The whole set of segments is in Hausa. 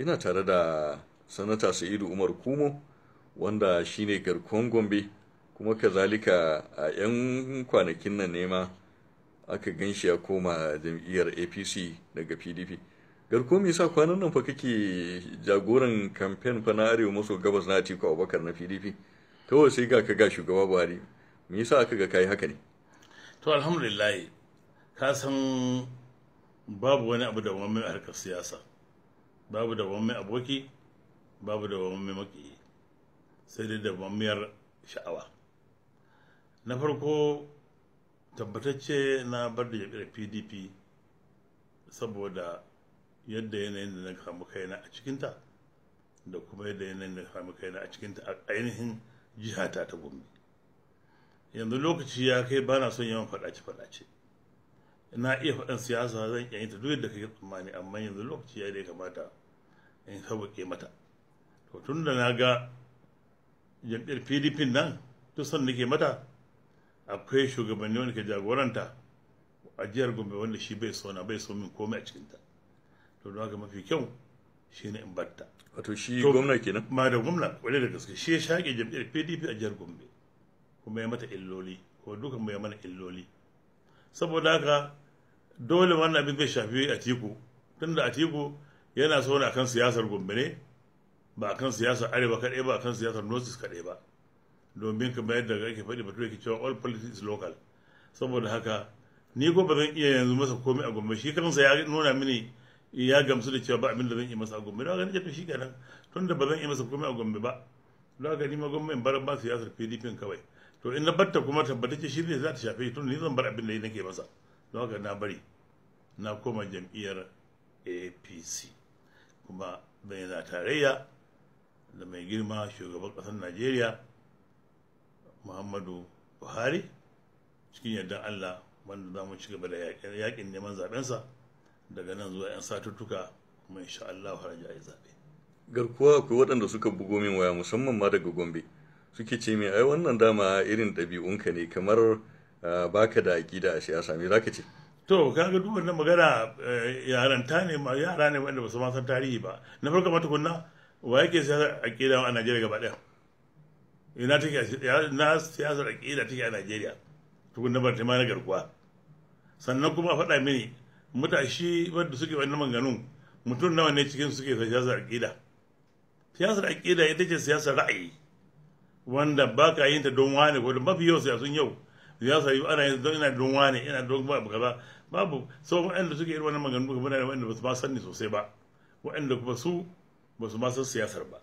ina tare da sanata sa'idu umar kumo wanda shine Garkon gombe kuma kazalika a 'yan kwanakin nan nema aka gan ya koma jam'iyyar apc daga pdp garko me sa kwanan nan fa kake jagoran kamfen fa na arewa maso gabas na atiku abubakar na pdp kawai sai ga ka ga shugaba buhari me yasa aka ga kai haka ne to alhamdulillah ka san babu wani abu da wani harkar siyasa babu da mai aboki babu da mai maki sai dai da miyar sha'awa na farko tabbatacce na bar da jam'iyyar pdp saboda yadda yanayin da na samu kaina a cikinta da kuma yadda yanayin da na samu kaina a cikinta a ainihin jihata ta gombe yanzu lokaci ya kai bana son yawan faɗace-faɗace na iya faɗin siyasa zan iya yin ta duk da kai tsammani amma yanzu lokaci ya dai kamata in sauƙaƙe mata to tun da na ga jam'iyyar pdp nan duk san nake mata akwai shugabanni wanda ke jagoranta a jihar gombe wanda shi bai so na bai so min komai a cikinta to don haka mafi kyau shi ne in batta wato shi gwamna kenan ma da gwamna kwarai da gaske shi ya shaƙe jam'iyyar pdp a jihar gombe kuma ya mata illoli ko duka mu ya mana illoli saboda haka dole wannan abin zai shafi atiku tunda atiku yana so na akan siyasar gombe ne ba akan siyasar arewa kaɗai ba akan siyasar nosis kaɗai ba domin kamar yadda ake faɗi batu ke cewa all politics is local saboda haka ni ko ba zan iya yanzu masa komai a gombe shi kansa ya nuna mini ya gamsu da cewa ba abin da zan yi masa a gombe don haka nake shi kenan tun da ba zan yi masa komai a gombe ba za haka ni ma gombe in bar ba siyasar pdp kawai to in na batta kuma tabbatacce shi ne za ta shafe tun ni zan bar abin da nake masa don haka na bari na koma jam'iyyar apc kuma bai na tarayya da mai girma shugaban ƙasar najeriya muhammadu buhari cikin yardar allah wanda za mu ci gaba da yakin neman zaɓensa daga nan zuwa 'yan satuttuka kuma insha Allah har ji a yi zaɓe. Garkuwa akwai waɗanda suka bugo min waya musamman ma daga Gombe suke ce mai ai wannan dama irin ɗabi'unka ne kamar ah, baka da aƙida a siyasa me zaka ce? to kaga duk wannan magana eh, yaranta ne ma yara ne wanda ba su ma san tarihi ba na farko mata kunna wa yake siyasar aqida a Najeriya gaba daya ina take na siyasar aqida take a Najeriya tukunna ba ta ma na garkuwa sannan kuma faɗa mini mutashi wanda suke wannan manganun mutum nawa ne cikin suke siyasar siyasa siyasar aqida ita ce siyasar ra'ayi wanda baka yin ta don wani ko da mafi yau siyasun yau siyasa yi ana yin don ina don wani ina don ba kaza babu sau waɗanda suke irin wannan maganganu kamar da waɗanda ba su ba sosai ba waɗanda kuma su ba su ma san siyasar ba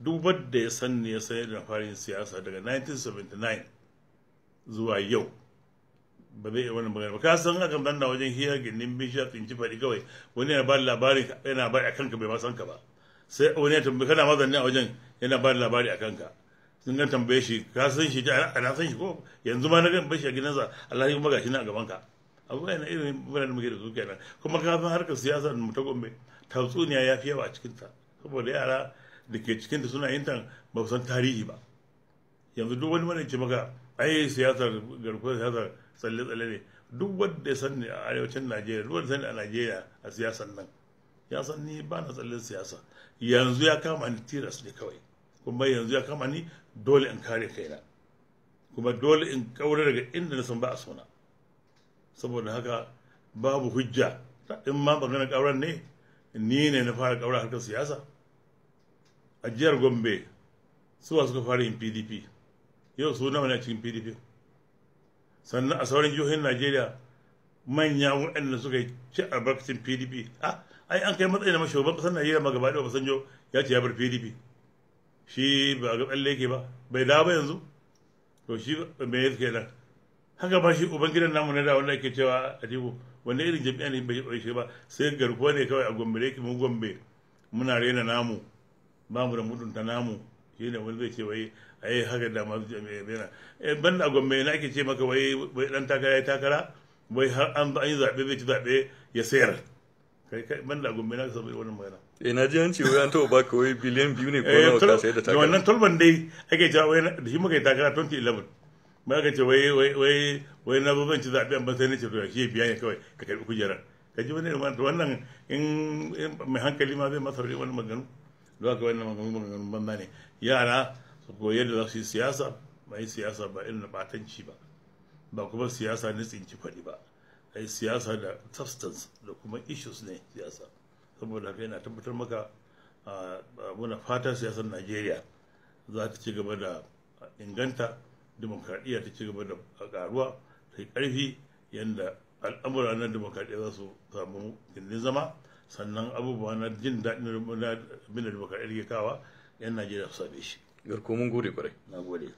duk wanda ya san ne ya san yadda farin siyasa daga 1979 zuwa yau ba zai iya wannan magana ba ka san aka danna wajen hiyar gindin bishiya tsinci faɗi kawai wani yana ba da labari yana ba a kanka bai ma san ka ba sai wani ya tambaye kana mazanni a wajen yana ba da labari a kanka in ga tambaye shi ka san shi a na san shi ko yanzu ma na gan bashi a gidansa Allah ya maga shi na gaban ka abubuwa na irin birane muke da su kenan kuma ka san harkar siyasa mu ta gombe tatsuniya ya fi yawa a cikin ta saboda yara da ke cikin ta suna yin tan ba san tarihi ba yanzu duk wani mana ce maka ai siyasar garkuwar siyasar tsalle-tsalle ne duk wanda ya san a arewacin najeriya duk wanda sani a najeriya a siyasar nan ya san ni ba na tsallen siyasa yanzu ya kama ni tiras ne kawai kuma yanzu ya kama ni dole in kare kaina kuma dole in kaure daga inda na san ba a sona saboda haka babu hujja in ma maganar kauran ne ni ne na fara kaura harkar siyasa a jihar gombe suwa suka fara yin pdp yau su nawa ne a cikin pdp sannan a sauran jihohin najeriya manya waɗanda suka ci albarkacin pdp ah ai an kai matsayin na ban ƙasar najeriya ma gaba ɗaya san ya ce ya bar pdp shi ba ga tsalle yake ba bai da ba yanzu to shi me yake nan haka ba shi ubangidan namu na da wanda ake cewa a jibo wanda irin jami'a ne bai ɓoye ba sai garkuwa ne kawai a gombe yake mu gombe muna rena namu ba mu da mutunta namu shi ne wani zai ce wai a yi haka da masu jami'a rena eh, ban a gombe na ake ce maka wai dan takara ya takara wai har an yi zaɓe zai ci zaɓe ya sayar kai ban da gombe na ka samu wannan magana ina eh, na ji an ce wayan to ba kawai biliyan biyu ne ko eh, nawa ka sai da takara wannan tolban dai ake cewa wai da shi muka yi takara 2011 ba aka ce wai wai wai wai na a zaɓe an ba sai ne ce to shi biya ne kawai ka karbi kujera ka ji wani da wannan in mai hankali ma zai masa wani maganu don haka wannan maganu maganu banza ne yara su koyi yadda za su yi siyasa ba yi siyasa ba irin na batanci ba ba kuma siyasa ne tsinci faɗi ba ai siyasa da substance da kuma issues ne siyasa saboda haka yana tabbatar maka muna fatan siyasar najeriya za ta ci gaba da inganta demokradiyya ta ci gaba da karuwa ta yi ƙarfi yadda al'amura na demokradiyya za su samu gindin zama sannan abubuwa na jin daɗin na bin da demokradiyya ke kawa yan najeriya su same shi. Garko mun gode kwarai. Na gode.